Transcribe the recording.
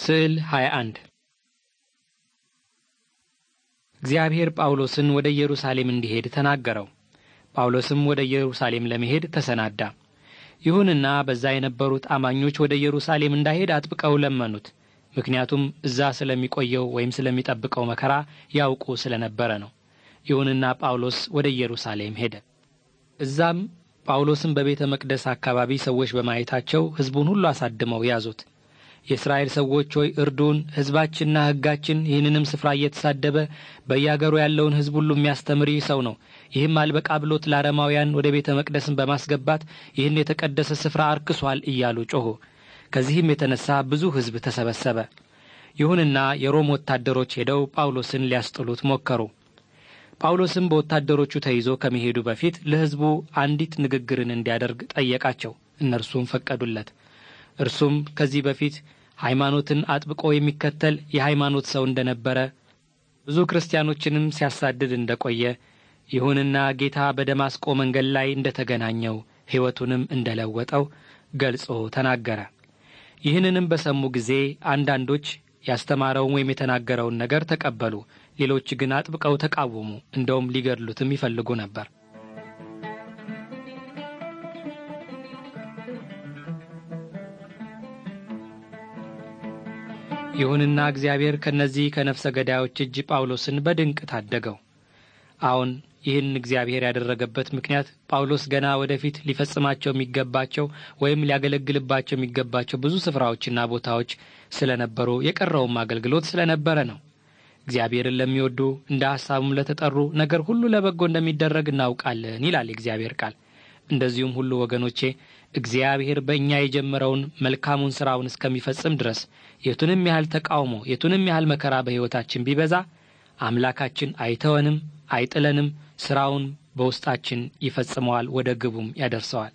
ስዕል 21 እግዚአብሔር ጳውሎስን ወደ ኢየሩሳሌም እንዲሄድ ተናገረው። ጳውሎስም ወደ ኢየሩሳሌም ለመሄድ ተሰናዳ። ይሁንና በዛ የነበሩት አማኞች ወደ ኢየሩሳሌም እንዳይሄድ አጥብቀው ለመኑት። ምክንያቱም እዛ ስለሚቆየው ወይም ስለሚጠብቀው መከራ ያውቁ ስለነበረ ነው። ይሁንና ጳውሎስ ወደ ኢየሩሳሌም ሄደ። እዛም ጳውሎስን በቤተ መቅደስ አካባቢ ሰዎች በማየታቸው ሕዝቡን ሁሉ አሳድመው ያዙት። የእስራኤል ሰዎች ሆይ እርዱን፣ ሕዝባችንና ሕጋችን ይህንንም ስፍራ እየተሳደበ በያገሩ ያለውን ሕዝብ ሁሉ የሚያስተምር ይህ ሰው ነው። ይህም አልበቃ ብሎት ለአረማውያን ወደ ቤተ መቅደስን በማስገባት ይህን የተቀደሰ ስፍራ አርክሷል እያሉ ጮኹ። ከዚህም የተነሳ ብዙ ሕዝብ ተሰበሰበ። ይሁንና የሮም ወታደሮች ሄደው ጳውሎስን ሊያስጥሉት ሞከሩ። ጳውሎስም በወታደሮቹ ተይዞ ከመሄዱ በፊት ለሕዝቡ አንዲት ንግግርን እንዲያደርግ ጠየቃቸው። እነርሱም ፈቀዱለት። እርሱም ከዚህ በፊት ሃይማኖትን አጥብቆ የሚከተል የሃይማኖት ሰው እንደነበረ ብዙ ክርስቲያኖችንም ሲያሳድድ እንደቆየ ይሁንና ጌታ በደማስቆ መንገድ ላይ እንደተገናኘው ሕይወቱንም እንደለወጠው ገልጾ ተናገረ። ይህንንም በሰሙ ጊዜ አንዳንዶች ያስተማረውን ወይም የተናገረውን ነገር ተቀበሉ፣ ሌሎች ግን አጥብቀው ተቃወሙ። እንደውም ሊገድሉትም ይፈልጉ ነበር። ይሁንና እግዚአብሔር ከእነዚህ ከነፍሰ ገዳዮች እጅ ጳውሎስን በድንቅ ታደገው። አሁን ይህን እግዚአብሔር ያደረገበት ምክንያት ጳውሎስ ገና ወደፊት ሊፈጽማቸው የሚገባቸው ወይም ሊያገለግልባቸው የሚገባቸው ብዙ ስፍራዎችና ቦታዎች ስለነበሩ የቀረውም አገልግሎት ስለነበረ ነው። እግዚአብሔርን ለሚወዱ እንደ ሐሳቡም ለተጠሩ ነገር ሁሉ ለበጎ እንደሚደረግ እናውቃለን ይላል የእግዚአብሔር ቃል። እንደዚሁም ሁሉ ወገኖቼ እግዚአብሔር በእኛ የጀመረውን መልካሙን ሥራውን እስከሚፈጽም ድረስ የቱንም ያህል ተቃውሞ፣ የቱንም ያህል መከራ በሕይወታችን ቢበዛ አምላካችን አይተወንም፣ አይጥለንም። ሥራውን በውስጣችን ይፈጽመዋል፣ ወደ ግቡም ያደርሰዋል።